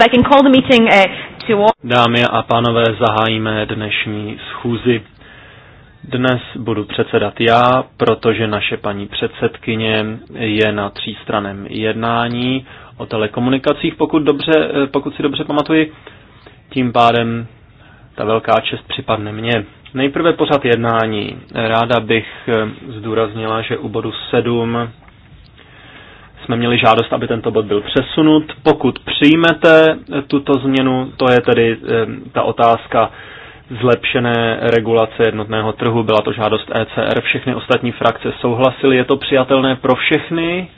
I can call the meeting eh, to all. Dámy a pánové, zahájíme dnešní schůzi. Dnes budu předsedat já, protože naše paní předsedkyně je na třístraném jednání o telekomunikacích, pokud, dobře, eh, pokud si dobře pamatuji. Tím pádem ta velká čest připadne mně. Nejprve pořad jednání. Ráda bych eh, zdůraznila, že u bodu 7 jsme měli žádost, aby tento bod byl přesunut. Pokud přijmete tuto změnu, to je tedy eh, ta otázka zlepšené regulace jednotného trhu, byla to žádost ECR, všechny ostatní frakce souhlasily, je to přijatelné pro všechny,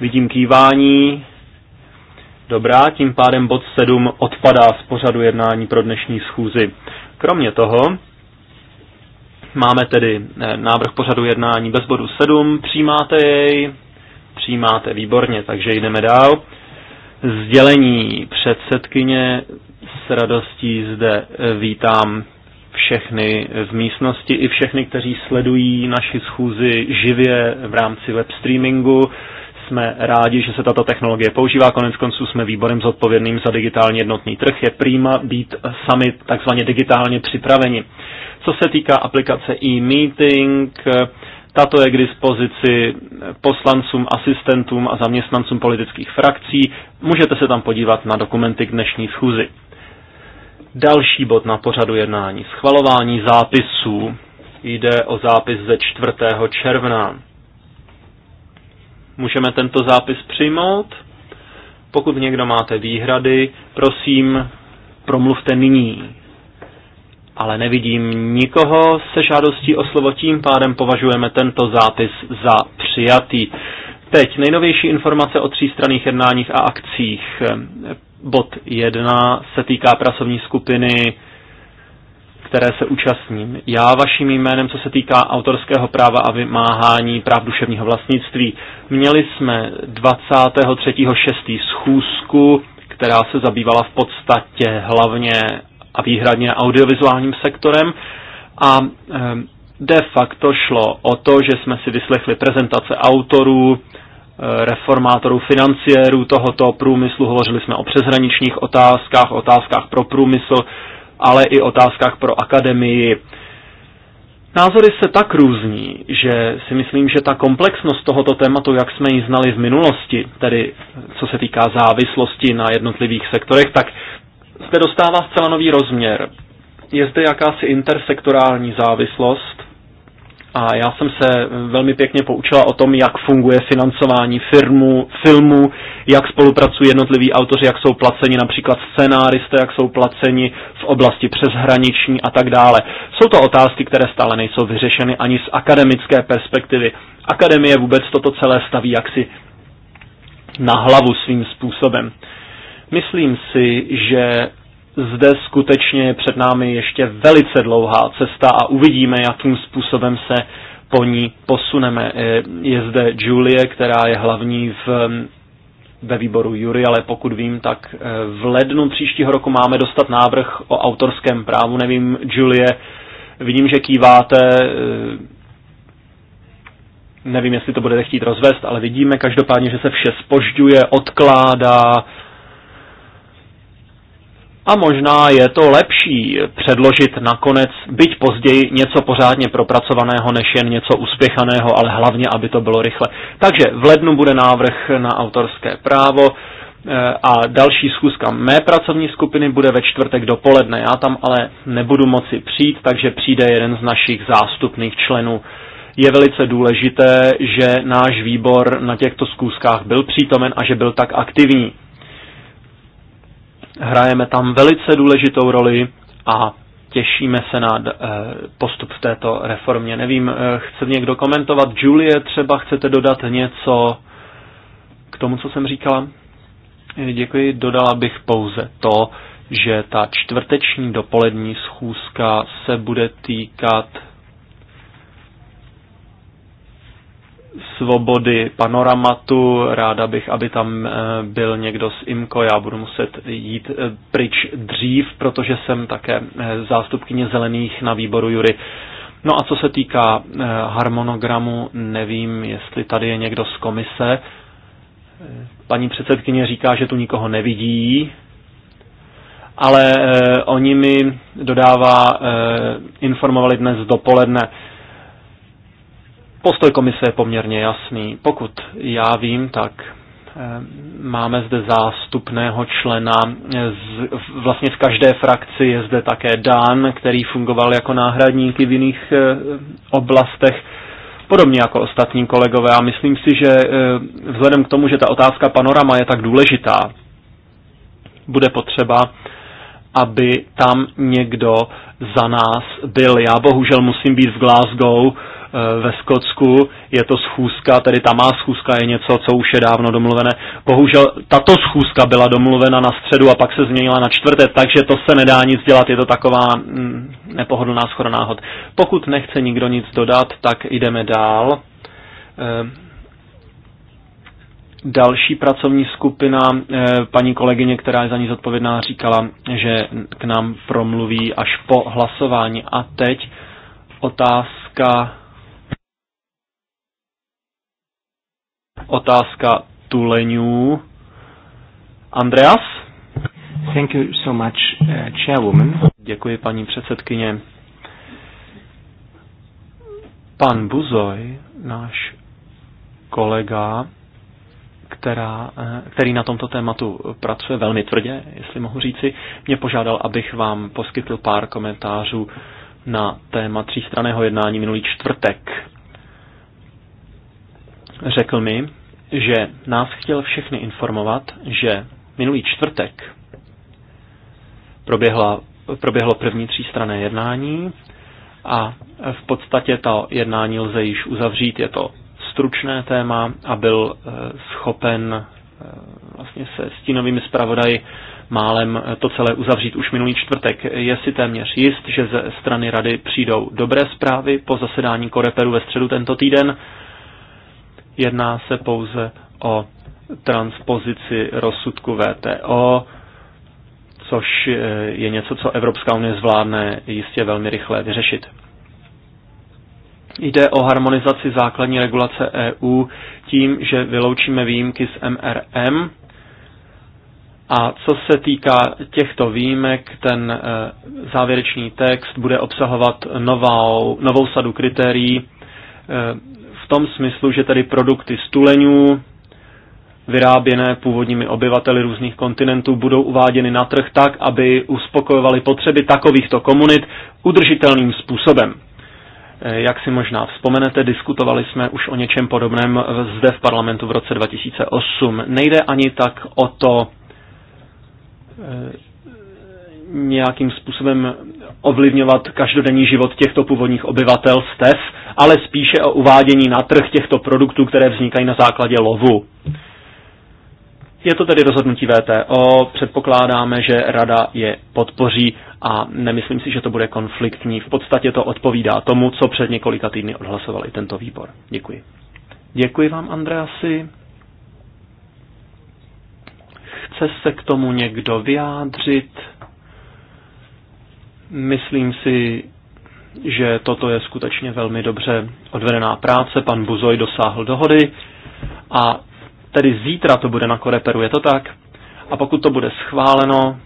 vidím kývání, dobrá, tím pádem bod 7 odpadá z pořadu jednání pro dnešní schůzi. Kromě toho, Máme tedy eh, návrh pořadu jednání bez bodu 7, přijímáte jej, Přijímáte, výborně, takže jdeme dál. Sdělení předsedkyně s radostí zde eh, vítám všechny v místnosti i všechny, kteří sledují naši schůzi živě v rámci web streamingu. Jsme rádi, že se tato technologie používá. Konec konců jsme výborem zodpovědným za digitálně jednotný trh. Je prýma být sami takzvaně digitálně připraveni. Co se týká aplikace e-meeting, tato je k dispozici poslancům, asistentům a zaměstnancům politických frakcí. Můžete se tam podívat na dokumenty k dnešní schůzi. Další bod na pořadu jednání. Schvalování zápisů. Jde o zápis ze 4. června. Můžeme tento zápis přijmout? Pokud někdo máte výhrady, prosím, promluvte nyní ale nevidím nikoho se žádostí o slovo, tím pádem považujeme tento zápis za přijatý. Teď nejnovější informace o třístranných jednáních a akcích. Bod 1 se týká pracovní skupiny, které se účastním. Já vaším jménem, co se týká autorského práva a vymáhání práv duševního vlastnictví, měli jsme 23.6. schůzku, která se zabývala v podstatě hlavně a výhradně audiovizuálním sektorem a eh, de facto šlo o to, že jsme si vyslechli prezentace autorů, eh, reformátorů, financiérů tohoto průmyslu, hovořili jsme o přeshraničních otázkách, otázkách pro průmysl, ale i otázkách pro akademii. Názory se tak různí, že si myslím, že ta komplexnost tohoto tématu, jak jsme ji znali v minulosti, tedy co se týká závislosti na jednotlivých sektorech, tak zde dostává zcela nový rozměr. Je zde jakási intersektorální závislost a já jsem se velmi pěkně poučila o tom, jak funguje financování firmu, filmu, jak spolupracují jednotliví autoři, jak jsou placeni například scénáristé, jak jsou placeni v oblasti přeshraniční a tak dále. Jsou to otázky, které stále nejsou vyřešeny ani z akademické perspektivy. Akademie vůbec toto celé staví jaksi na hlavu svým způsobem. Myslím si, že zde skutečně je před námi ještě velice dlouhá cesta a uvidíme, jakým způsobem se po ní posuneme. Je zde Julie, která je hlavní v, ve výboru Jury, ale pokud vím, tak eh, v lednu příštího roku máme dostat návrh o autorském právu. Nevím, Julie, vidím, že kýváte, eh, nevím, jestli to budete chtít rozvést, ale vidíme každopádně, že se vše spožďuje, odkládá, a možná je to lepší předložit nakonec, byť později, něco pořádně propracovaného, než jen něco uspěchaného, ale hlavně, aby to bylo rychle. Takže v lednu bude návrh na autorské právo eh, a další schůzka mé pracovní skupiny bude ve čtvrtek dopoledne. Já tam ale nebudu moci přijít, takže přijde jeden z našich zástupných členů. Je velice důležité, že náš výbor na těchto schůzkách byl přítomen a že byl tak aktivní. Hrajeme tam velice důležitou roli a těšíme se na eh, postup v této reformě. Nevím, eh, chce někdo komentovat? Julie, třeba chcete dodat něco k tomu, co jsem říkala? Eh, děkuji, dodala bych pouze to, že ta čtvrteční dopolední schůzka se bude týkat svobody panoramatu. Ráda bych, aby tam eh, byl někdo z IMKO. Já budu muset jít eh, pryč dřív, protože jsem také eh, zástupkyně zelených na výboru Jury. No a co se týká harmonogramu, nevím, jestli tady je někdo z komise. Paní předsedkyně říká, že tu nikoho nevidí, ale oni mi dodává, informovali dnes dopoledne, Postoj komise je poměrně jasný. Pokud já vím, tak eh, máme zde zástupného člena. Z, vlastně v každé frakci je zde také Dan, který fungoval jako i v jiných eh, oblastech, podobně jako ostatní kolegové. A myslím si, že eh, vzhledem k tomu, že ta otázka panorama je tak důležitá, bude potřeba, aby tam někdo za nás byl. Já bohužel musím být v Glasgow Eh, ve Skotsku je to schůzka, tedy ta má schůzka je něco, co už je dávno domluvené. Bohužel tato schůzka byla domluvena na středu a pak se změnila na čtvrté, takže to se nedá nic dělat, je to taková mm, nepohodlná schoda náhod. Pokud nechce nikdo nic dodat, tak jdeme dál. Ehm další pracovní skupina, eh, paní kolegyně, která je za ní zodpovědná, říkala, že k nám promluví až po hlasování. A teď otázka Otázka tuleňů. Andreas? Thank you so much, uh, chairwoman. Děkuji, paní předsedkyně. Pan Buzoj, náš kolega, která, eh, který na tomto tématu pracuje velmi tvrdě, jestli mohu říci, mě požádal, abych vám poskytl pár komentářů na téma třístraného jednání minulý čtvrtek řekl mi, že nás chtěl všechny informovat, že minulý čtvrtek proběhla, proběhlo první třístrané jednání a v podstatě to jednání lze již uzavřít. Je to stručné téma a byl eh, schopen eh, vlastně se stínovými zpravodaji málem eh, to celé uzavřít už minulý čtvrtek. Je si téměř jist, že ze strany rady přijdou dobré zprávy po zasedání Koreperu ve středu tento týden Jedná se pouze o transpozici rozsudku VTO, což eh, je něco, co Evropská unie zvládne jistě velmi rychle vyřešit. Jde o harmonizaci základní regulace EU tím, že vyloučíme výjimky z MRM. A co se týká těchto výjimek, ten eh, závěrečný text bude obsahovat novou, novou sadu kritérií, eh, v tom smyslu, že tady produkty stuleňů, vyráběné původními obyvateli různých kontinentů, budou uváděny na trh tak, aby uspokojovaly potřeby takovýchto komunit udržitelným způsobem. Eh, jak si možná vzpomenete, diskutovali jsme už o něčem podobném zde v parlamentu v roce 2008. Nejde ani tak o to eh, nějakým způsobem ovlivňovat každodenní život těchto původních obyvatel stev, ale spíše o uvádění na trh těchto produktů, které vznikají na základě lovu. Je to tedy rozhodnutí VTO, předpokládáme, že rada je podpoří a nemyslím si, že to bude konfliktní. V podstatě to odpovídá tomu, co před několika týdny odhlasoval i tento výbor. Děkuji. Děkuji vám, Andreasi. Chce se k tomu někdo vyjádřit? Myslím si, že toto je skutečně velmi dobře odvedená práce. Pan Buzoj dosáhl dohody a tedy zítra to bude na Koreperu, je to tak? A pokud to bude schváleno,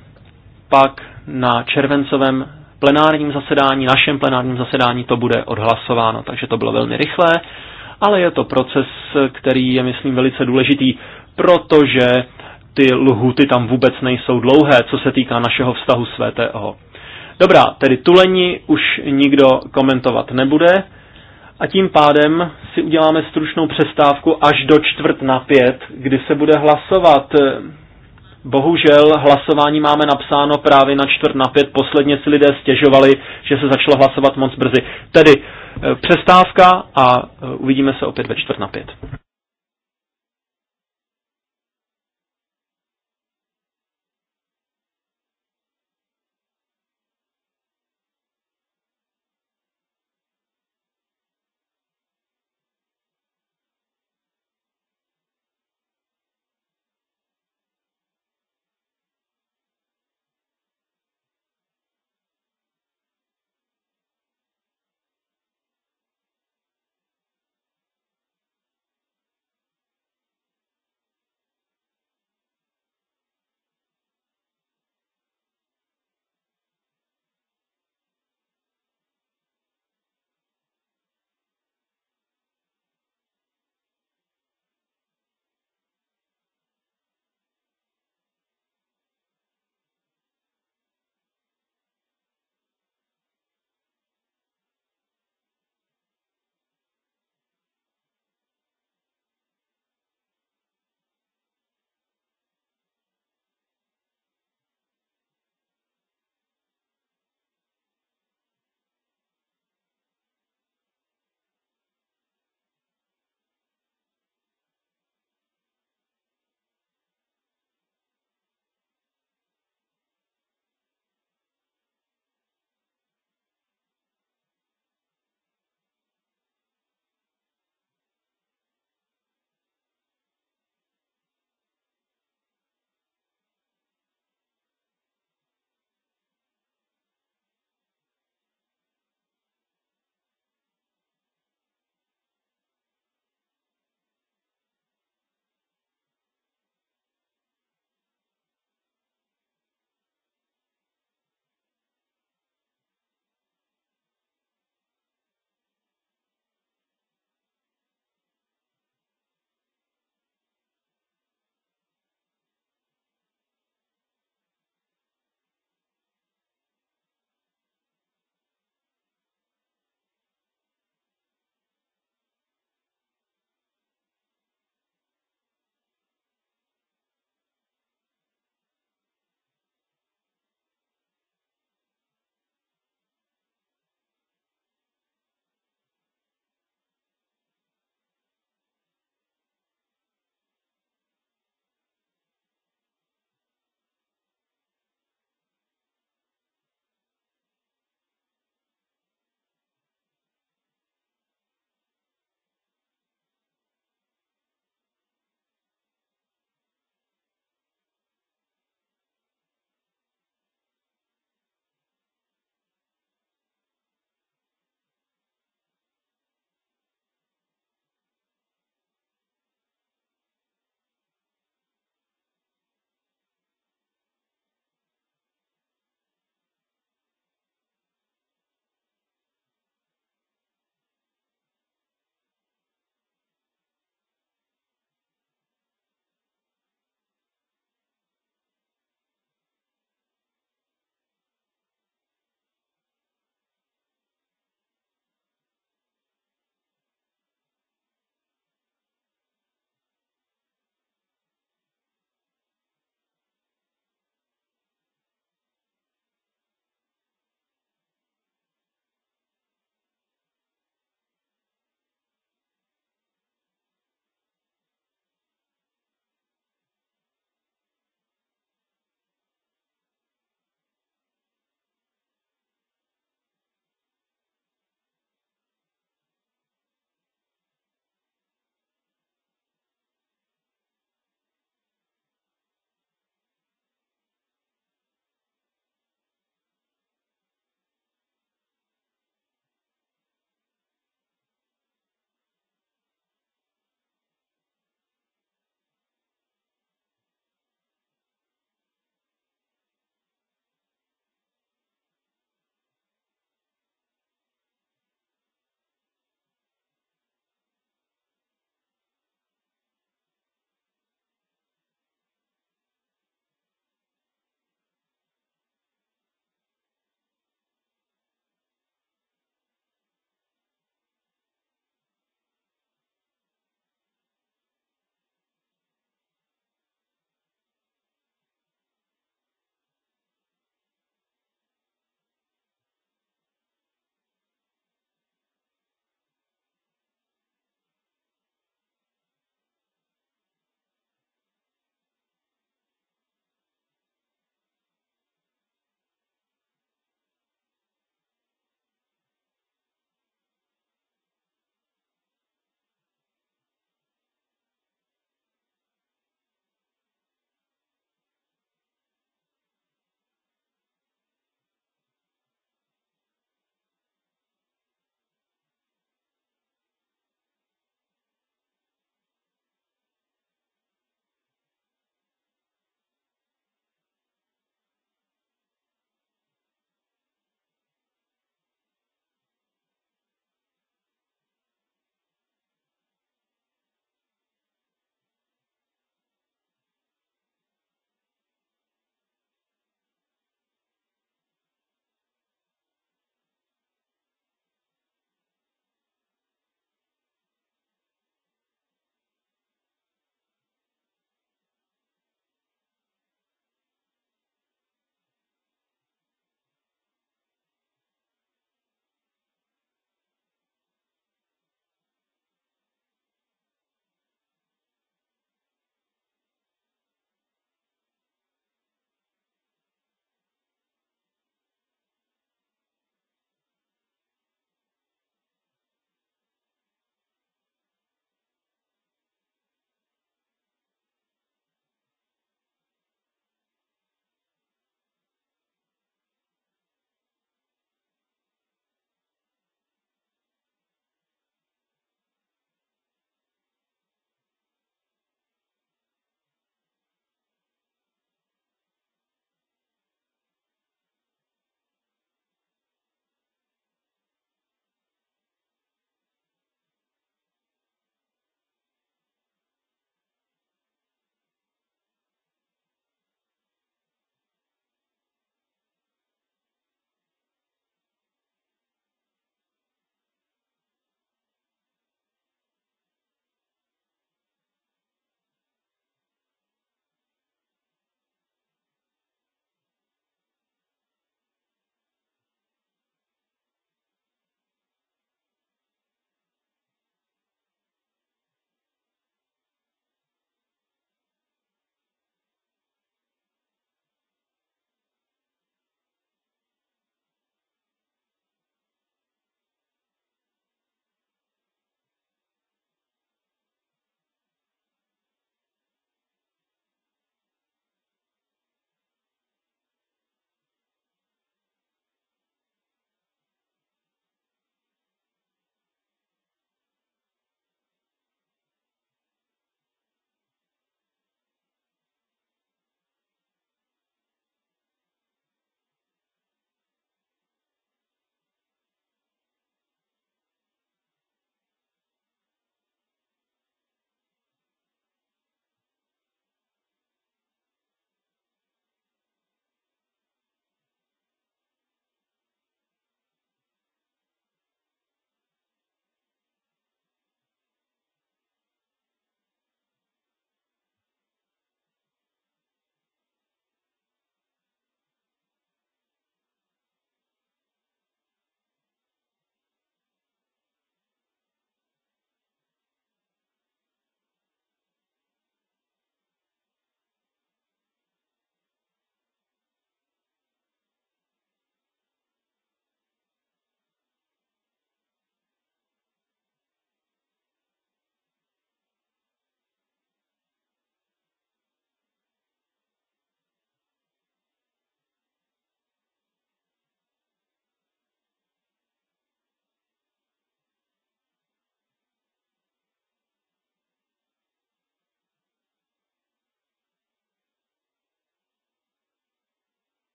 pak na červencovém plenárním zasedání, našem plenárním zasedání to bude odhlasováno. Takže to bylo velmi rychlé, ale je to proces, který je, myslím, velice důležitý, protože ty lhuty tam vůbec nejsou dlouhé, co se týká našeho vztahu s VTO. Dobrá, tedy tuleni už nikdo komentovat nebude a tím pádem si uděláme stručnou přestávku až do čtvrt na pět, kdy se bude hlasovat. Bohužel hlasování máme napsáno právě na čtvrt na pět. Posledně si lidé stěžovali, že se začalo hlasovat moc brzy. Tedy eh, přestávka a eh, uvidíme se opět ve čtvrt na pět.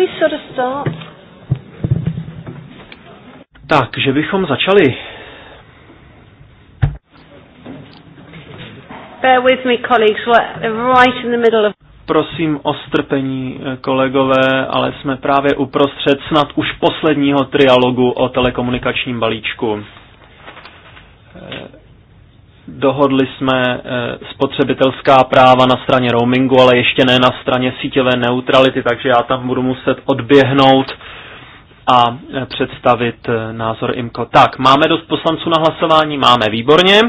we sort of start? Tak, že bychom začali. Bear with me, colleagues. We're right in the middle of... Prosím o strpení, eh, kolegové, ale jsme právě uprostřed snad už posledního trialogu o telekomunikačním balíčku. Dohodli jsme eh, spotřebitelská práva na straně roamingu, ale ještě ne na straně síťové neutrality, takže já tam budu muset odběhnout a eh, představit eh, názor IMCO. Tak, máme dost poslanců na hlasování? Máme, výborně.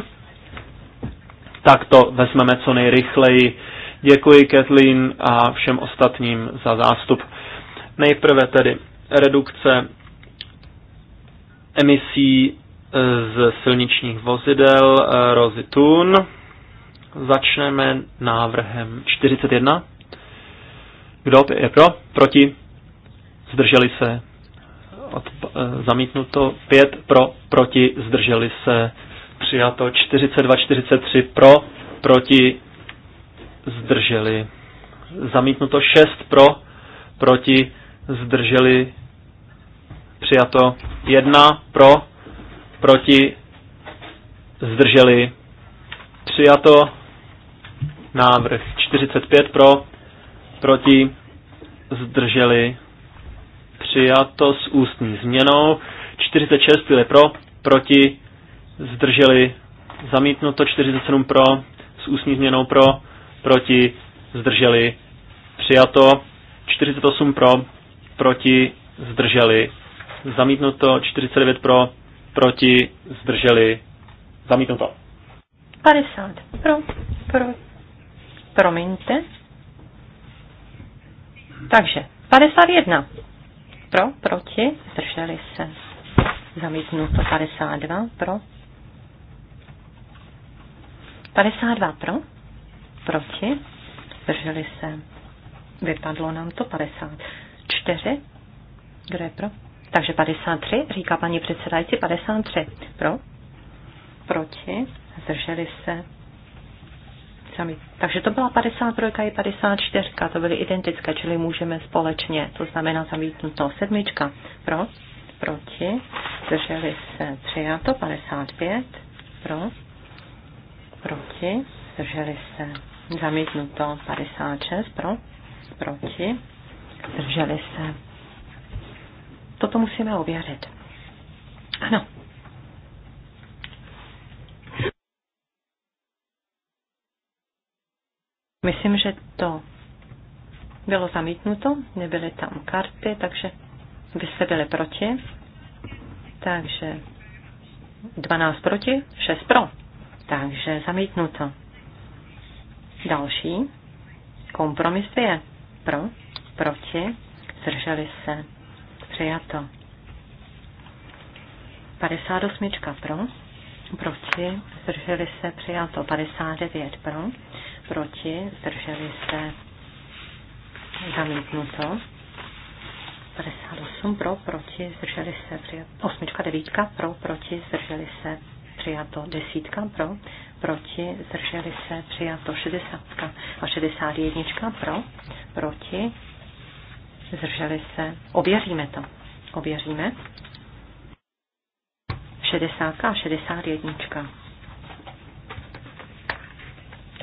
Tak to vezmeme co nejrychleji. Děkuji Kathleen a všem ostatním za zástup. Nejprve tedy redukce emisí z silničních vozidel eh, Rozy Thun. Začneme návrhem 41. Kdo je pro? Proti? Zdrželi se? Od, eh, zamítnuto 5 pro, proti, zdrželi se, přijato 42, 43 pro, proti, zdrželi, zamítnuto 6 pro, proti, zdrželi, přijato 1 pro, proti, zdrželi, přijato, návrh 45 pro, proti, zdrželi, přijato s ústní změnou, 46 byly pro, proti, zdrželi, zamítnuto, 47 pro, s ústní změnou pro, proti, zdrželi, přijato, 48 pro, proti, zdrželi, zamítnuto, 49 pro, proti, zdrželi, zamítnuto. 50 pro, pro, promiňte. Takže 51 pro, proti, zdrželi se, zamítnuto 52 pro, 52 pro, proti, zdrželi se, vypadlo nám to 54, kdo je pro? Takže 53, říká paní předsedající, 53. Pro? Proti? Zdrželi se? Sami. Takže to byla 53 i 54, to byly identické, čili můžeme společně, to znamená zamítnuto. Sedmička. Pro? Proti? Zdrželi se? Přijato. 55. Pro? Proti? Zdrželi se? Zamítnuto. 56. Pro? Proti? Zdrželi se? Toto musíme ověřit. Ano. Myslím, že to bylo zamítnuto, nebyly tam karty, takže vy jste byli proti. Takže 12 proti, 6 pro. Takže zamítnuto. Další. Kompromis je pro, proti, zdrželi se Přijato. 58 pro, proti, zdrželi se, přijato 59 pro, proti, zdrželi se, zamítnuto. 58 pro, proti, zdrželi se, přijato. 8, 9 pro, proti, zdrželi se, přijato. 10 pro, proti, zdrželi se, přijato. 60 a 61 pro, proti, zdrželi se, ověříme to. Ověříme. 60 a 61.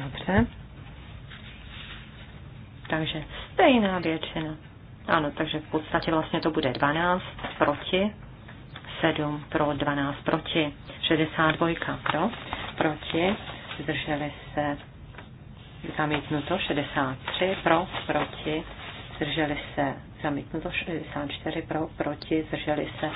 Dobře. Takže stejná většina. Ano, takže v podstatě vlastně to bude 12 proti, 7 pro, 12 proti, 62 pro, proti, zdrželi se zamítnuto, 63 pro, proti, zdrželi se, zamítnuto 64 pro, proti, zdrželi se,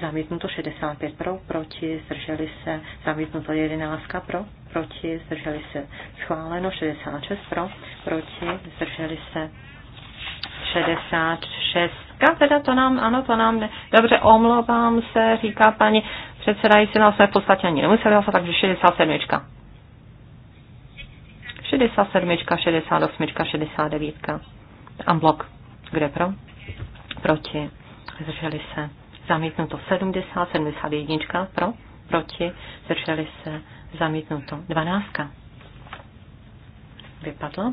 zamítnuto 65 pro, proti, zdrželi se, zamítnuto 11 pro, proti, zdrželi se, schváleno 66 pro, proti, zdrželi se, 66. Teda to nám, ano, to nám, ne. dobře, omlouvám se, říká paní předsedající, nás no, jsme v podstatě ani nemuseli hlasovat, takže 67. 67, 68, 69. Amblok, kde pro? Proti. Zdrželi se. Zamítnuto 70, 71 pro, proti, zdrželi se, zamítnuto 12. Vypadlo.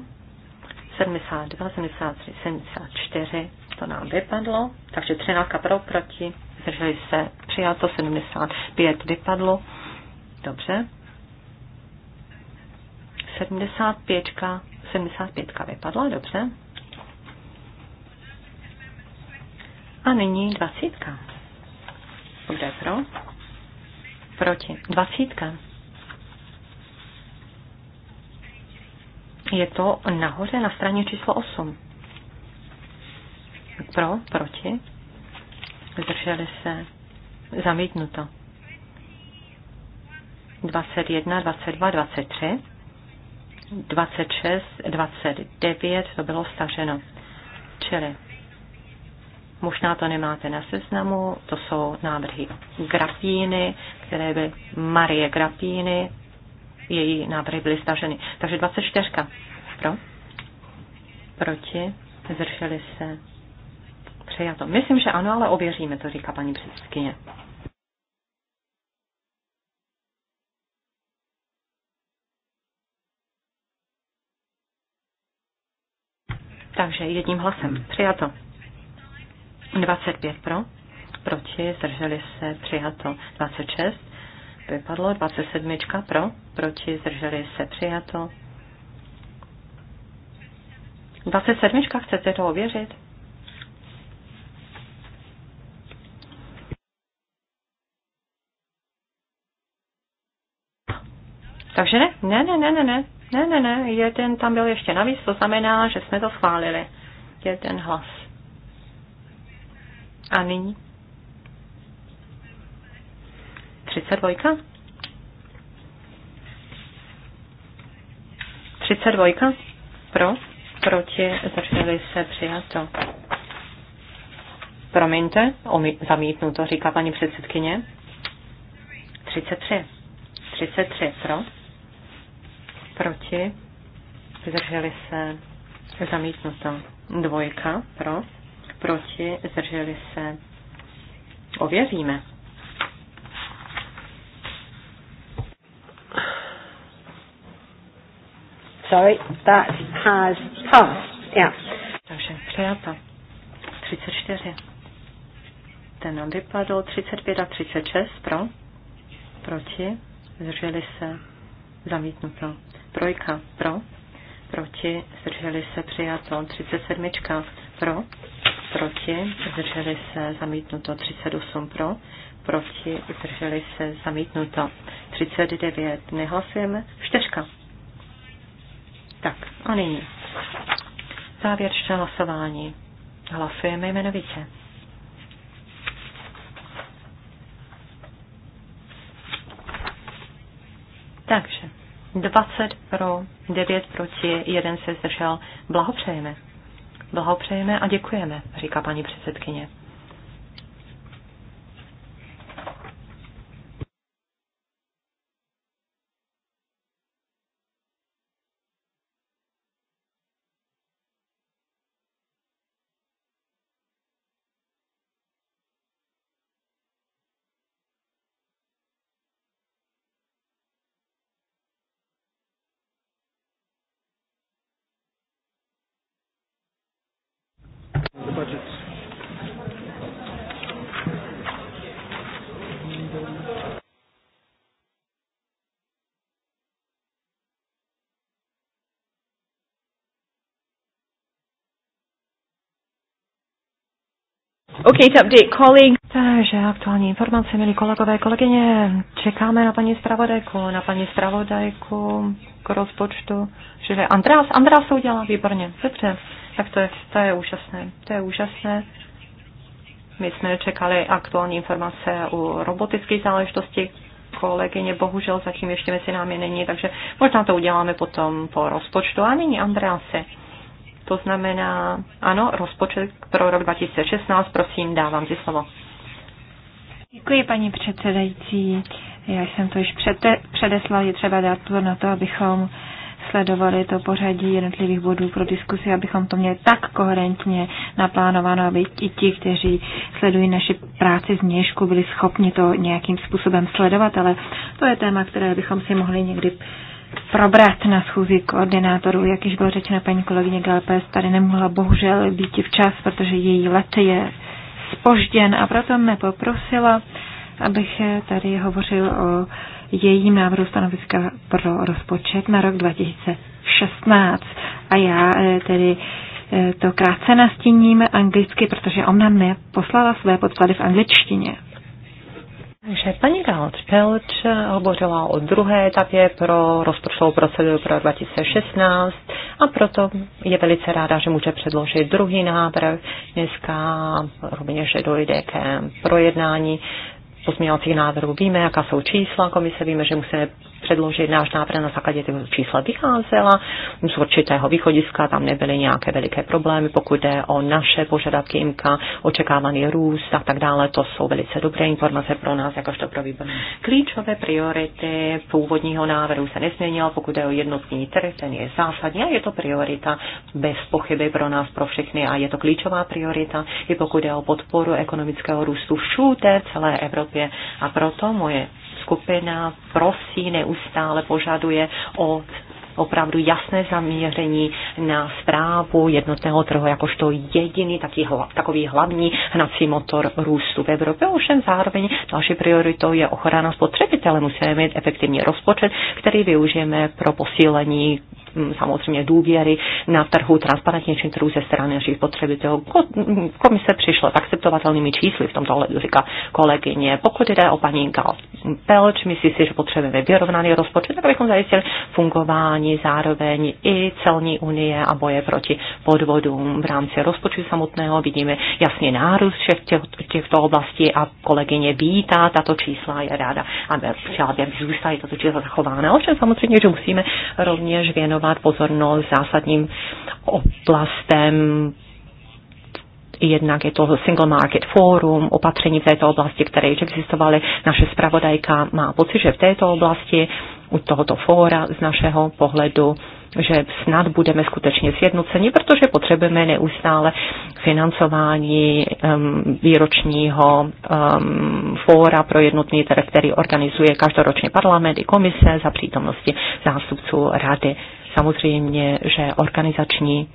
72, 73, 74, to nám vypadlo. Takže 13 pro, proti, zdrželi se, přijato 75, vypadlo. Dobře. 75, 75 vypadla, dobře. A nyní dvacítka. Kde pro? Proti. Dvacítka. Je to nahoře na straně číslo 8. Pro, proti. Zdrželi se. Zamítnuto. 21, 22, 23. 26, 29, to bylo staženo. Čili Možná to nemáte na seznamu, to jsou návrhy Grapíny, které by Marie Grapíny, její návrhy byly staženy. Takže 24. Pro? Proti? Zdrželi se? Přijato. Myslím, že ano, ale ověříme, to říká paní předsedkyně. Takže jedním hlasem. Přijato. 25 pro, proti, zdrželi se, přijato. 26 vypadlo, 27 pro, proti, zdrželi se, přijato. 27 chcete to ověřit? Takže ne, ne, ne, ne, ne, ne, ne, ne, ne, jeden tam byl ještě navíc, to znamená, že jsme to schválili. Jeden hlas. A nyní 32. 32. Pro, proti, zdrželi se přijato. Promiňte, zamítnu to, říká paní předsedkyně. 33. 33 pro, proti, zdrželi se zamítnuto. Dvojka pro, proti, zdrželi se. Ověříme. Sorry, that has passed. Yeah. Takže přijata. 34. Ten nám vypadl. 35 a 36 pro. Proti. Zdrželi se. Zamítnuto. Trojka pro. Proti. Zdrželi se. Přijato. 37. Pro proti, zdrželi se, zamítnuto 38 pro, proti, zdrželi se, zamítnuto 39, nehlasujeme, čtyřka. Tak a nyní závěrečné hlasování. Hlasujeme jmenovitě. Takže 20 pro, 9 proti, 1 se zdržel. Blahopřejeme. Blahopřejeme a děkujeme, říká paní předsedkyně. Okay, update calling. Takže aktuální informace, milí kolegové, kolegyně, čekáme na paní zpravodajku, na paní zpravodajku k rozpočtu. Že András, András to udělá výborně, dobře. Tak to je, to je úžasné, to je úžasné. My jsme čekali aktuální informace u robotických záležitostí. Kolegyně bohužel zatím ještě mezi námi není, takže možná to uděláme potom po rozpočtu. A nyní Andreasi. To znamená, ano, rozpočet pro rok 2016, prosím, dávám si slovo. Děkuji, paní předsedající. Já jsem to již přete, předeslal, je třeba dát to na to, abychom sledovali to pořadí jednotlivých bodů pro diskusi, abychom to měli tak koherentně naplánováno, aby i ti, kteří sledují naši práci z měšku, byli schopni to nějakým způsobem sledovat, ale to je téma, které bychom si mohli někdy probrat na schůzi koordinátorů. Jak již bylo řečeno, paní kolegyně Galpes tady nemohla bohužel být včas, protože její let je spožděn a proto mě poprosila, abych tady hovořil o jejím návrhu stanoviska pro rozpočet na rok 2016. A já eh, tedy eh, to krátce nastíním anglicky, protože ona mě poslala své podklady v angličtině. Takže paní Galtpelč hovořila o druhé etapě pro rozpočtovou proceduru pro 2016 a proto je velice ráda, že může předložit druhý návrh dneska, rovněž, dojde k projednání pozměňovacích návrhů. Víme, jaká jsou čísla komise, víme, že musíme předložit náš návrh na základě toho čísla vycházela. Z určitého východiska tam nebyly nějaké veliké problémy, pokud jde o naše požadavky IMKA, očekávaný růst a tak dále. To jsou velice dobré informace pro nás, jakožto pro výbor. Klíčové priority původního návrhu se nesměnilo, pokud jde o jednotný trh, ten je zásadní a je to priorita bez pochyby pro nás, pro všechny a je to klíčová priorita i pokud jde o podporu ekonomického růstu všude v celé Evropě. A proto moje skupina prosí, neustále požaduje o opravdu jasné zaměření na zprávu jednotného trhu jakožto jediný taký, takový hlavní hnací motor růstu v Evropě. Ovšem zároveň další prioritou je ochrana spotřebitele. Musíme mít efektivní rozpočet, který využijeme pro posílení Mm, samozřejmě důvěry na trhu, transparentnějším trhu ze strany našich spotřebitelů. Mm, komise přišla s akceptovatelnými čísly v tomto ohledu, říká kolegyně. Pokud jde o paní Gal Pelč, myslí si, že potřebujeme vyrovnaný rozpočet, tak abychom zajistili fungování zároveň i celní unie a boje proti podvodům v rámci rozpočtu samotného. Vidíme jasně nárůst všech těch, těchto oblastí a kolegyně vítá tato čísla, je ráda, aby chtěla, aby zůstaly tato čísla zachována. Ovšem samozřejmě, že musíme rovněž věnovat věnovat pozornost zásadním oblastem Jednak je to Single Market Forum, opatření v této oblasti, které již existovaly. Naše zpravodajka má pocit, že v této oblasti, u tohoto fóra z našeho pohledu, že snad budeme skutečně sjednoceni, protože potřebujeme neustále financování um, výročního um, fóra pro jednotný trh, který organizuje každoročně parlament i komise za přítomnosti zástupců rady. Samozřejmě, že organizační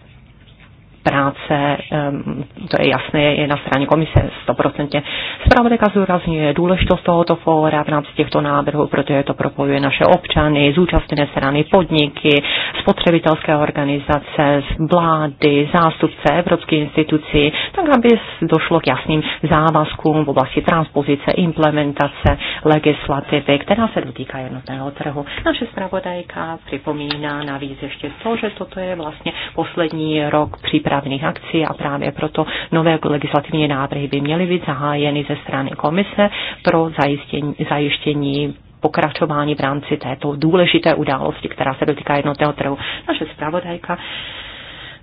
práce, ehm, to je jasné, je na straně komise 100%. Spravodajka zúraznuje důležitost tohoto fóra v rámci těchto návrhů, protože to propojuje naše občany, zúčastněné strany, podniky, spotřebitelské organizace, vlády, zástupce evropských institucí, tak aby došlo k jasným závazkům v oblasti transpozice, implementace legislativy, která se dotýká jednotného trhu. Naše spravodajka připomíná navíc ještě to, že toto je vlastně poslední rok příprav přípravných akcí a právě proto nové legislativní návrhy by měly být zahájeny ze strany komise pro zajištění, zajištění pokračování v rámci této důležité události, která se dotýká jednotného trhu. Naše zpravodajka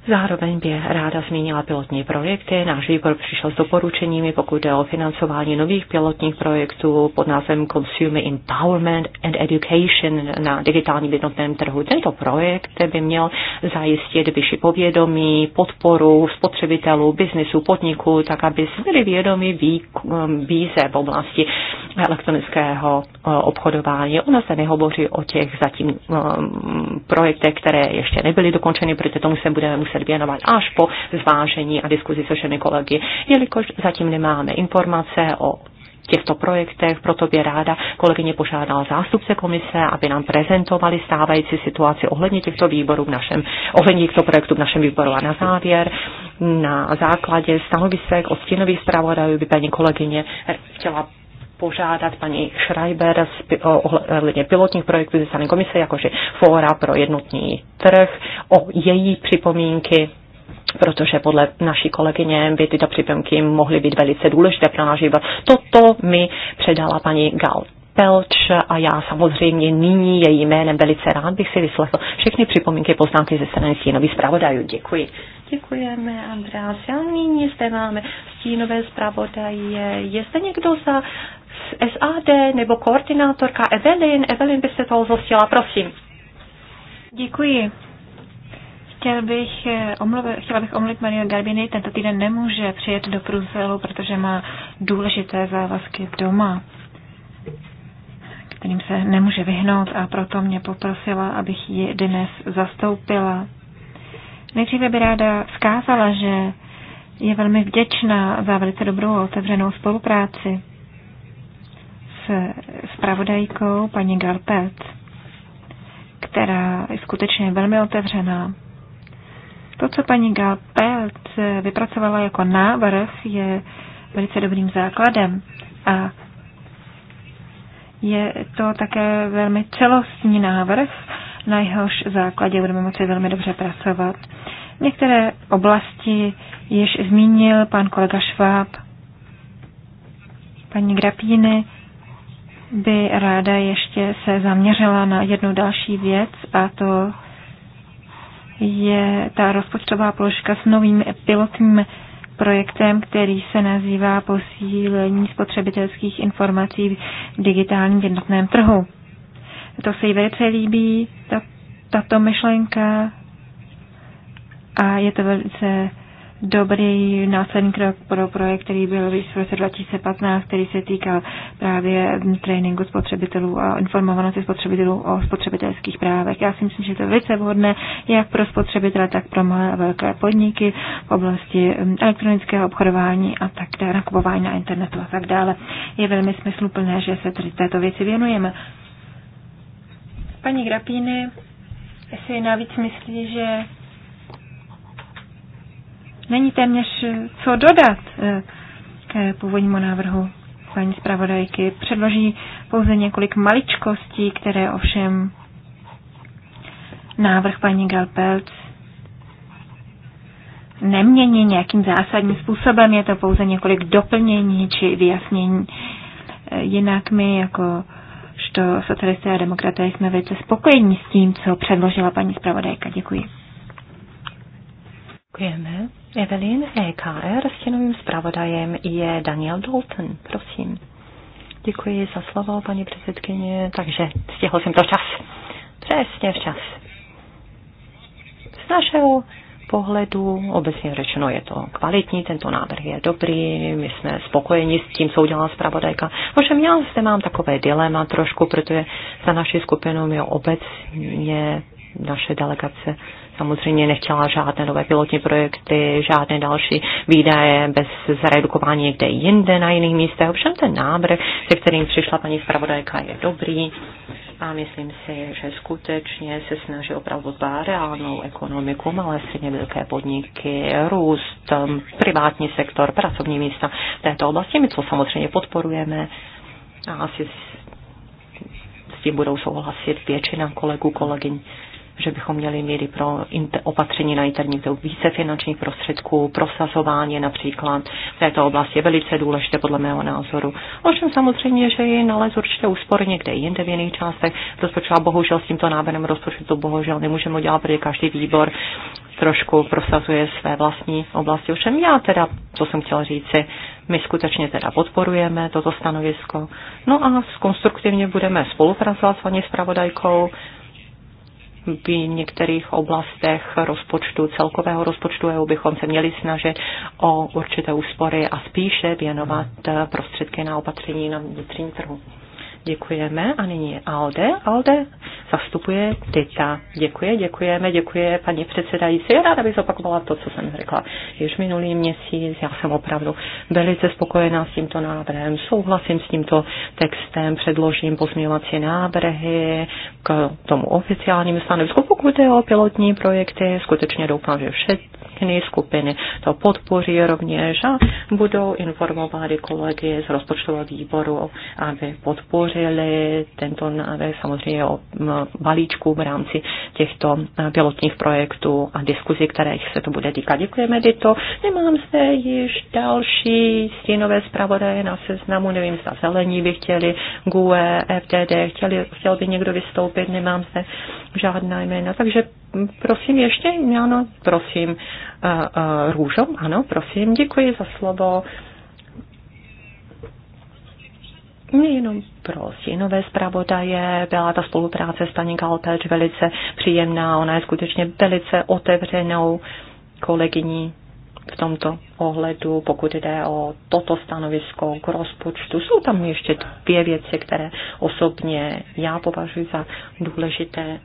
Zároveň by ráda zmínila pilotní projekty. Náš výbor přišel s doporučeními, pokud jde o financování nových pilotních projektů pod názvem Consumer Empowerment and Education na digitálním jednotném trhu. Tento projekt by měl zajistit vyšší povědomí, podporu spotřebitelů, biznisu, podniků, tak aby si byli vědomi výzev v oblasti elektronického eh, obchodování. Ona se nehovoří o těch zatím eh, projektech, které ještě nebyly dokončeny, protože tomu se budeme muset věnovat až po zvážení a diskuzi se všemi kolegy, jelikož zatím nemáme informace o těchto projektech, proto by ráda kolegyně požádala zástupce komise, aby nám prezentovali stávající situaci ohledně těchto výborů v našem, ohledně těchto projektů v našem výboru. A na závěr, na základě stanovisek od stínových zpravodajů by paní kolegyně chtěla požádat paní Schreiber ohledně pilotních projektů ze strany komise, jakože fóra pro jednotný trh, o její připomínky protože podle naší kolegyně by tyto připomínky mohly být velice důležité pro náš život. Toto mi předala paní Gal Pelč a já samozřejmě nyní její jménem velice rád bych si vyslechl všechny připomínky, poznámky ze strany stínových zpravodajů. Děkuji. Děkujeme, Andrá. A nyní zde máme stínové zpravodaje. Je zde někdo za SAD nebo koordinátorka Evelyn. Evelyn by se toho zhostila, prosím. Děkuji. Chtěl bych eh, omluvit, chtěla bych omluvit Mario Garbini. Tento týden nemůže přijet do Pruselu, protože má důležité závazky doma, kterým se nemůže vyhnout a proto mě poprosila, abych ji dnes zastoupila. Nejdříve by ráda vzkázala, že je velmi vděčná za velice dobrou a otevřenou spolupráci s spravodajkou paní Galpet, která je skutečně velmi otevřená. To, co paní Galpet vypracovala jako návrh, je velice dobrým základem a je to také velmi celostní návrh, na jehož základě budeme moci velmi dobře pracovat. Některé oblasti již zmínil pan kolega Šváb, paní Grapíny by ráda ještě se zaměřila na jednu další věc a to je ta rozpočtová položka s novým pilotním projektem, který se nazývá posílení spotřebitelských informací v digitálním jednotném trhu. To se jí velice líbí, ta, tato myšlenka, a je to velice dobrý následný krok pro projekt, který byl v roce 2015, který se týkal právě tréninku spotřebitelů a informovanosti spotřebitelů o spotřebitelských právech. Já si myslím, že to je velice vhodné jak pro spotřebitele, tak pro malé a velké podniky v oblasti hm, elektronického obchodování a tak dále, nakupování na internetu a tak dále. Je velmi smysluplné, že se tady této věci věnujeme. Paní Grapíny jestli navíc myslí, že Není téměř eh, co dodat eh, k eh, původnímu návrhu paní zpravodajky. Předloží pouze několik maličkostí, které ovšem návrh paní Galpelc nemění nějakým zásadním způsobem, je to pouze několik doplnění či vyjasnění. Jinak my jako što socialisté a demokraté jsme velice spokojení s tím, co předložila paní zpravodajka. Děkuji. Děkujeme. Evelyn EKR s těnovým zpravodajem je Daniel Dalton. Prosím. Děkuji za slovo, paní předsedkyně. Takže stihl jsem to včas. Přesně včas. Z našeho pohledu, obecně řečeno je to kvalitní, tento návrh je dobrý, my jsme spokojeni s tím, co udělala zpravodajka. Možná já zde mám takové dilema trošku, protože za naší skupinou je obecně naše delegace samozřejmě nechtěla žádné nové pilotní projekty, žádné další výdaje bez zredukování někde jinde na jiných místech. Ovšem ten návrh, se kterým přišla paní zpravodajka, je dobrý a myslím si, že skutečně se snaží opravdu za reálnou ekonomiku, malé středně velké podniky, růst, um, privátní sektor, pracovní místa v této oblasti. My to samozřejmě podporujeme a asi s tím budou souhlasit většina kolegů, kolegyň že bychom měli mít pro opatření na interní trhu více finančních prostředků, prosazování například v této oblasti je velice důležité podle mého názoru. Ovšem samozřejmě, že je nalez určité úspory někde jinde v jiných částech rozpočtu a bohužel s tímto návrhem rozpočtu to bohužel nemůžeme udělat, protože každý výbor trošku prosazuje své vlastní oblasti. Ovšem já teda, co jsem chtěla říci, my skutečně teda podporujeme toto stanovisko. No a konstruktivně budeme spolupracovat s paní zpravodajkou v některých oblastech rozpočtu, celkového rozpočtu EU bychom se měli snažit o určité úspory a spíše věnovat prostředky na opatření na vnitřní trhu. Děkujeme. A nyní Alde. Alde zastupuje Tita. Děkuji, děkujeme, děkuji paní předsedající. Ráda bych zopakovala to, co jsem řekla již minulý měsíc. Já jsem opravdu velice spokojená s tímto návrhem. Souhlasím s tímto textem, předložím pozměňovací návrhy k tomu oficiálnímu stanovisku. Pokud je o pilotní projekty, skutečně doufám, že všechny skupiny to podpoří rovněž a budou i kolegy z rozpočtového výboru, aby podpořili podpořili tento návrh samozřejmě o balíčku v rámci těchto eh, pilotních projektů a diskuzí, které se to bude týkat. Děkujeme, Dito. Nemám zde již další stínové zpravodaje na seznamu, nevím, zda zelení by chtěli, GUE, fdd chtěli, chtěl by někdo vystoupit, nemám zde žádná jména, takže prosím ještě, ano, prosím, eh, eh, růžom, ano, prosím, děkuji za slovo nejenom pro stínové zpravodaje, byla ta spolupráce s paní Galpeč velice příjemná, ona je skutečně velice otevřenou kolegyní v tomto ohledu, pokud jde o toto stanovisko k rozpočtu. Jsou tam ještě dvě věci, které osobně já považuji za důležité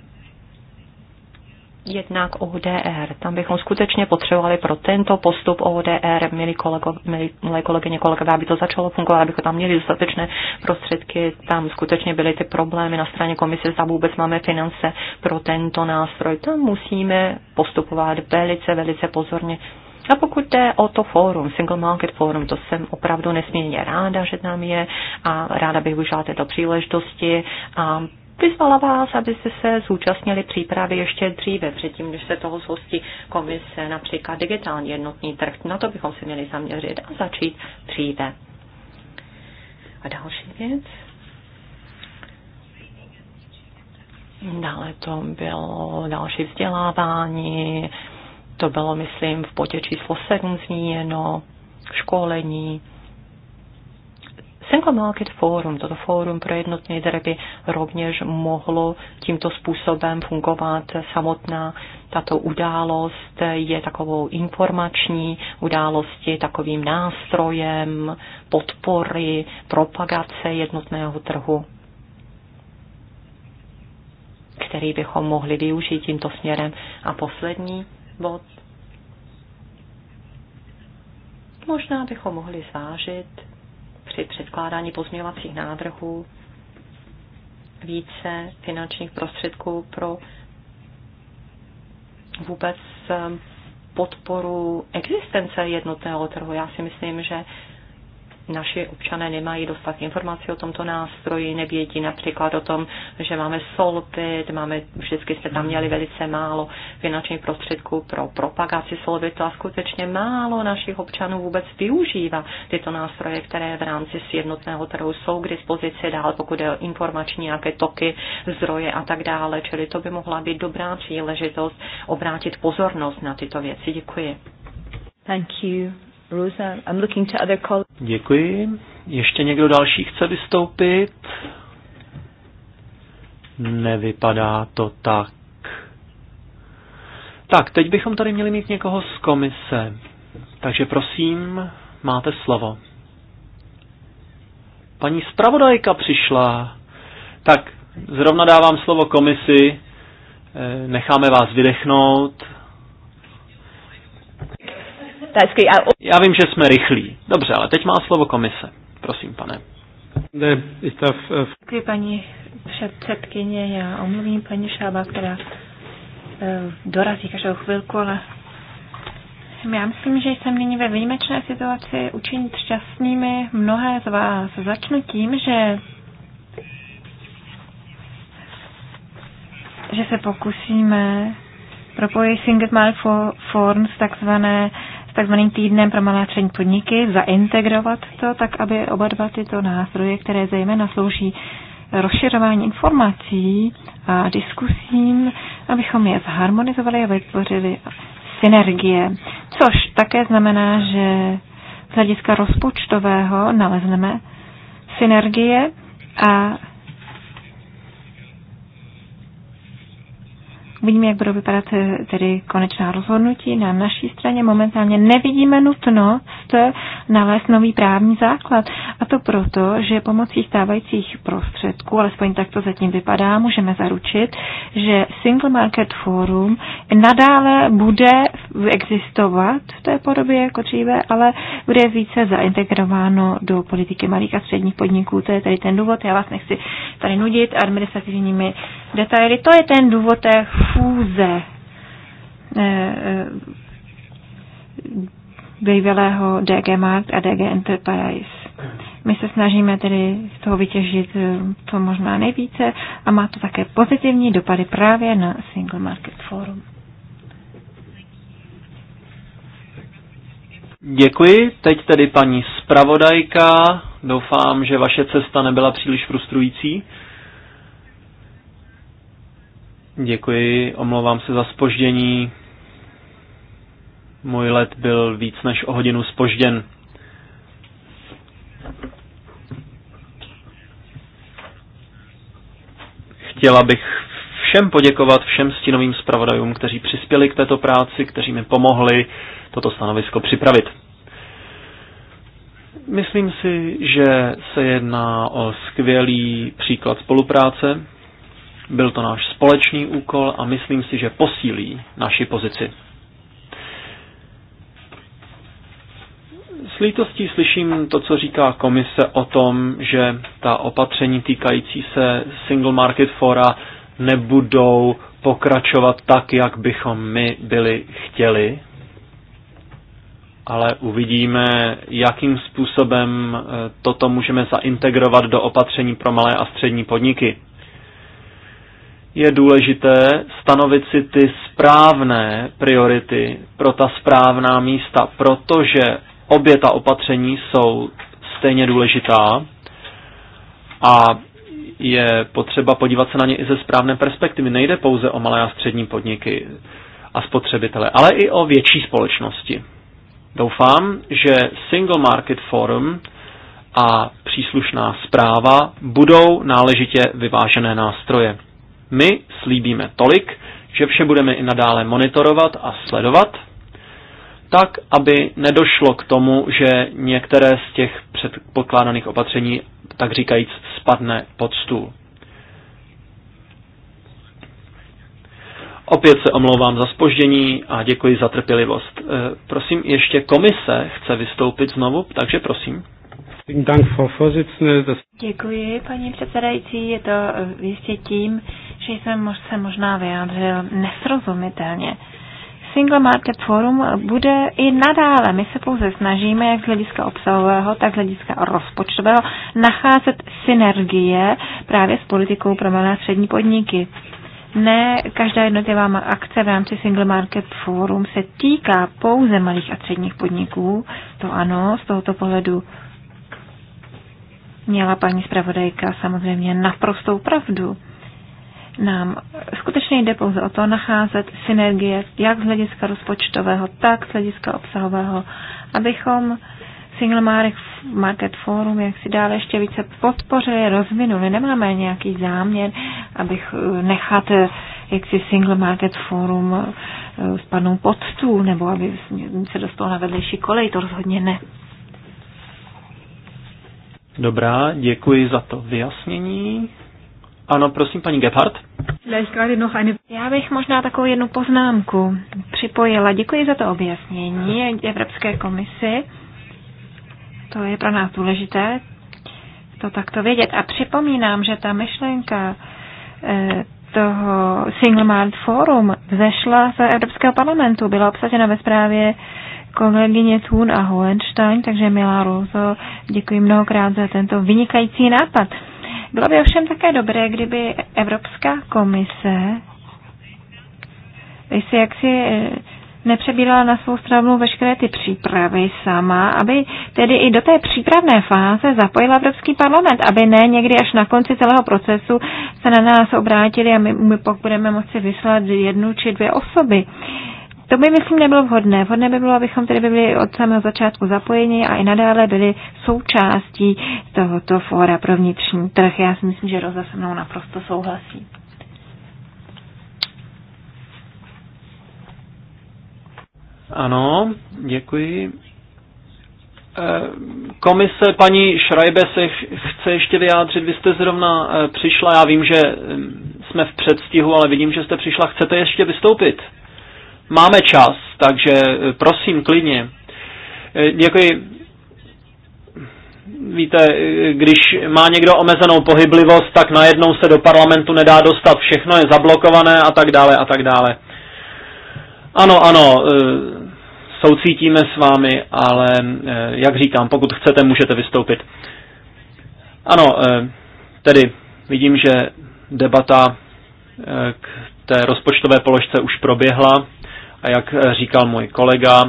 jednak ODR. Tam bychom skutečně potřebovali pro tento postup ODR, milí, kolego, milí, milí kolegyně, kolegové, aby to začalo fungovat, abychom tam měli dostatečné prostředky. Tam skutečně byly ty problémy na straně komise, zda vůbec máme finance pro tento nástroj. Tam musíme postupovat velice, velice pozorně. A pokud jde o to fórum, Single Market Forum, to jsem opravdu nesmírně ráda, že tam je a ráda bych využila této příležitosti a Vyzvala vás, abyste se zúčastnili přípravy ještě dříve, předtím, než se toho zhostí komise, například digitální jednotný trh. Na to bychom se měli zaměřit a začít dříve. A další věc. Dále to bylo další vzdělávání, to bylo, myslím, v potě číslo 7 zmíněno, školení, Single Market Forum, toto fórum pro jednotné trhy, rovněž mohlo tímto způsobem fungovat. Samotná tato událost je takovou informační událostí, takovým nástrojem podpory, propagace jednotného trhu který bychom mohli využít tímto směrem. A poslední bod. Možná bychom mohli zvážit při předkládání pozměňovacích návrhů více finančních prostředků pro vůbec eh, podporu existence jednotného trhu. Já si myslím, že naši občané nemají dostat informací o tomto nástroji, nevědí například o tom, že máme Solvit, máme, vždycky jsme tam měli velice málo finančních prostředků pro propagaci Solvitu a skutečně málo našich občanů vůbec využívá tyto nástroje, které v rámci sjednotného trhu jsou k dispozici dál, pokud je informační nějaké toky, zdroje a tak dále, čili to by mohla být dobrá příležitost obrátit pozornost na tyto věci. Děkuji. Thank you. I'm looking to other Děkuji. Ještě někdo další chce vystoupit? Nevypadá to tak. Tak, teď bychom tady měli mít někoho z komise. Takže prosím, máte slovo. Paní zpravodajka přišla. Tak, zrovna dávám slovo komisi. Eh, necháme vás vydechnout já vím, že jsme rychlí. Dobře, ale teď má slovo komise. Prosím, pane. Děkuji, paní předsedkyně. Já omluvím paní Šába, která eh, dorazí každou chvilku, ale já myslím, že jsem nyní ve výjimečné situaci učinit šťastnými mnohé z vás. Začnu tím, že že se pokusíme propojit single mile forms, takzvané takzvaným týdnem pro malé střední podniky, zaintegrovat to tak, aby oba dva tyto nástroje, které zejména slouží rozšiřování informací a diskusím, abychom je zharmonizovali a vytvořili synergie. Což také znamená, že z hlediska rozpočtového nalezneme synergie a Uvidíme, jak budou vypadat eh, tedy konečná rozhodnutí. Na naší straně momentálně nevidíme nutnost eh, nalézt nový právní základ. A to proto, že pomocí stávajících prostředků, alespoň tak to zatím vypadá, můžeme zaručit, že Single Market Forum nadále bude existovat v té podobě jako dříve, ale bude více zaintegrováno do politiky malých a středních podniků. To je tady ten důvod. Já vás nechci tady nudit administrativními detaily. To je ten důvod té fůze eh, eh, bývalého DG Markt a DG Enterprise. My se snažíme tedy z toho vytěžit eh, co možná nejvíce a má to také pozitivní dopady právě na Single Market Forum. Děkuji. Teď tedy paní zpravodajka. Doufám, že vaše cesta nebyla příliš frustrující. Děkuji, omlouvám se za spoždění. Můj let byl víc než o hodinu spožděn. Chtěla bych všem poděkovat, všem stínovým zpravodajům, kteří přispěli k této práci, kteří mi pomohli toto stanovisko připravit. Myslím si, že se jedná o skvělý příklad spolupráce, byl to náš společný úkol a myslím si, že posílí naši pozici. S lítostí slyším to, co říká komise o tom, že ta opatření týkající se Single Market Fora nebudou pokračovat tak, jak bychom my byli chtěli, ale uvidíme, jakým způsobem eh, toto můžeme zaintegrovat do opatření pro malé a střední podniky je důležité stanovit si ty správné priority pro ta správná místa, protože obě ta opatření jsou stejně důležitá a je potřeba podívat se na ně i ze správné perspektivy. Nejde pouze o malé a střední podniky a spotřebitele, ale i o větší společnosti. Doufám, že Single Market Forum a příslušná zpráva budou náležitě vyvážené nástroje. My slíbíme tolik, že vše budeme i nadále monitorovat a sledovat, tak, aby nedošlo k tomu, že některé z těch předpokládaných opatření, tak říkajíc, spadne pod stůl. Opět se omlouvám za spoždění a děkuji za trpělivost. Eh, prosím, ještě komise chce vystoupit znovu, takže prosím. Děkuji, paní předsedající. Je to eh, jistě tím, či jsem se možná vyjádřil nesrozumitelně. Single Market Forum bude i nadále. My se pouze snažíme, jak z hlediska obsahového, tak z hlediska rozpočtového, nacházet synergie právě s politikou pro malé a střední podniky. Ne, každá jednotlivá akce v rámci Single Market Forum se týká pouze malých a středních podniků. To ano, z tohoto pohledu měla paní zpravodajka samozřejmě naprostou pravdu nám skutečně jde pouze o to nacházet synergie jak z hlediska rozpočtového, tak z hlediska obsahového, abychom Single Market Forum jak si dále ještě více podpořili, rozvinuli. Nemáme nějaký záměr, abych eh, nechat eh, jak si Single Market Forum eh, spadnout pod stůl, nebo aby se dostalo na vedlejší kolej, to rozhodně ne. Dobrá, děkuji za to vyjasnění. Ano, prosím, paní Gebhardt. Já bych možná takovou jednu poznámku připojila. Děkuji za to objasnění Evropské komisi. To je pro nás důležité, to takto vědět. A připomínám, že ta myšlenka eh, toho Single Mart Forum vzešla z Evropského parlamentu, byla obsažena ve zprávě kolegyně Thun a Hohenstein, takže milá Rozo, děkuji mnohokrát za tento vynikající nápad. Bylo by ovšem také dobré, kdyby Evropská komise si jaksi eh, nepřebírala na svou stranu veškeré ty přípravy sama, aby tedy i do té přípravné fáze zapojila Evropský parlament, aby ne někdy až na konci celého procesu se na nás obrátili a my, my pokud budeme moci vyslat jednu či dvě osoby. Uh, to by, myslím, nebylo vhodné. Vhodné by bylo, abychom tedy byli od samého začátku zapojeni a i nadále byli součástí tohoto fóra pro vnitřní trh. Já si myslím, že Roza se mnou naprosto souhlasí. Ano, děkuji. Eh, komise paní Šrajbe se chce ještě vyjádřit. Vy jste zrovna eh, přišla, já vím, že hm, jsme v předstihu, ale vidím, že jste přišla. Chcete ještě vystoupit? Máme čas, takže eh, prosím klidně. Eh, děkuji. Víte, eh, když má někdo omezenou pohyblivost, tak najednou se do parlamentu nedá dostat, všechno je zablokované a tak dále a tak dále. Ano, ano, soucítíme s vámi, ale jak říkám, pokud chcete, můžete vystoupit. Ano, tedy vidím, že debata k té rozpočtové položce už proběhla. A jak eh, říkal můj kolega,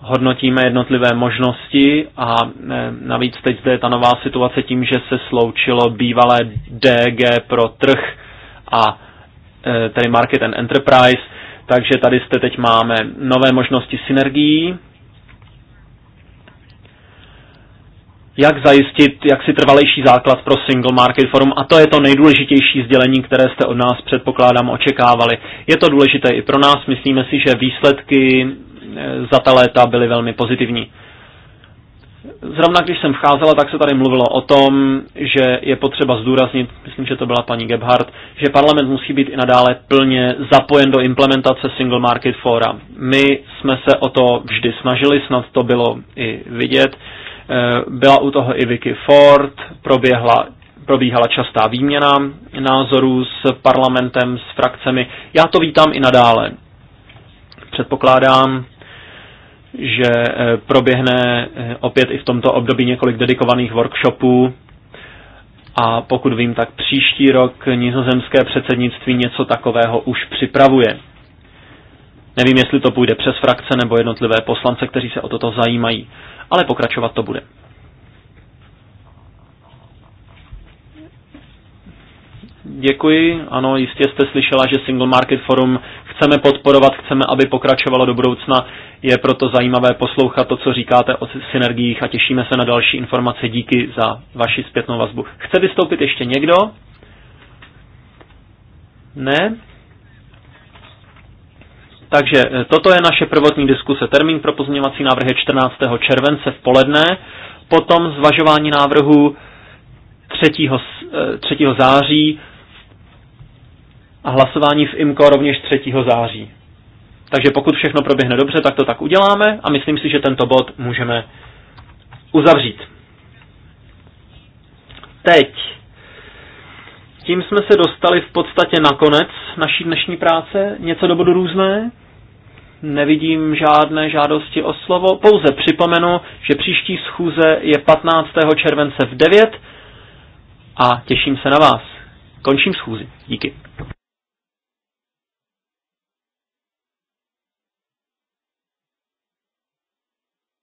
hodnotíme jednotlivé možnosti a eh, navíc teď zde je ta nová situace tím, že se sloučilo bývalé DG pro trh a eh, tedy Market and Enterprise, takže tady jste teď máme nové možnosti synergií jak zajistit jaksi trvalejší základ pro Single Market Forum a to je to nejdůležitější sdělení, které jste od nás předpokládám očekávali. Je to důležité i pro nás, myslíme si, že výsledky eh, za ta léta byly velmi pozitivní. Zrovna když jsem vcházela, tak se tady mluvilo o tom, že je potřeba zdůraznit, myslím, že to byla paní Gebhardt, že parlament musí být i nadále plně zapojen do implementace Single Market Fora. My jsme se o to vždy snažili, snad to bylo i vidět. Eh, byla u toho i Vicky Ford, proběhla probíhala častá výměna názorů s parlamentem, s frakcemi. Já to vítám i nadále. Předpokládám, že eh, proběhne eh, opět i v tomto období několik dedikovaných workshopů a pokud vím, tak příští rok nizozemské předsednictví něco takového už připravuje. Nevím, jestli to půjde přes frakce nebo jednotlivé poslance, kteří se o toto zajímají ale pokračovat to bude. Děkuji. Ano, jistě jste slyšela, že Single Market Forum chceme podporovat, chceme, aby pokračovalo do budoucna. Je proto zajímavé poslouchat to, co říkáte o synergiích a těšíme se na další informace. Díky za vaši zpětnou vazbu. Chce vystoupit ještě někdo? Ne? Takže eh, toto je naše prvotní diskuse. Termín pro pozměňovací návrhy je 14. července v poledne, potom zvažování návrhu 3. 3. Eh, září a hlasování v IMCO rovněž 3. září. Takže pokud všechno proběhne dobře, tak to tak uděláme a myslím si, že tento bod můžeme uzavřít. Teď tím jsme se dostali v podstatě na konec naší dnešní práce. Něco do bodu různé? Nevidím žádné žádosti o slovo. Pouze připomenu, že příští schůze je 15. července v 9 a těším se na vás. Končím schůzi. Díky.